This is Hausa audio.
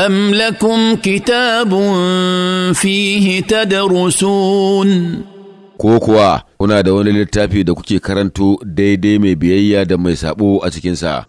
أم لكم كتاب da rusun. ko kuwa kuna da wani littafi da kuke karanto daidai mai biyayya da mai saɓo a cikinsa.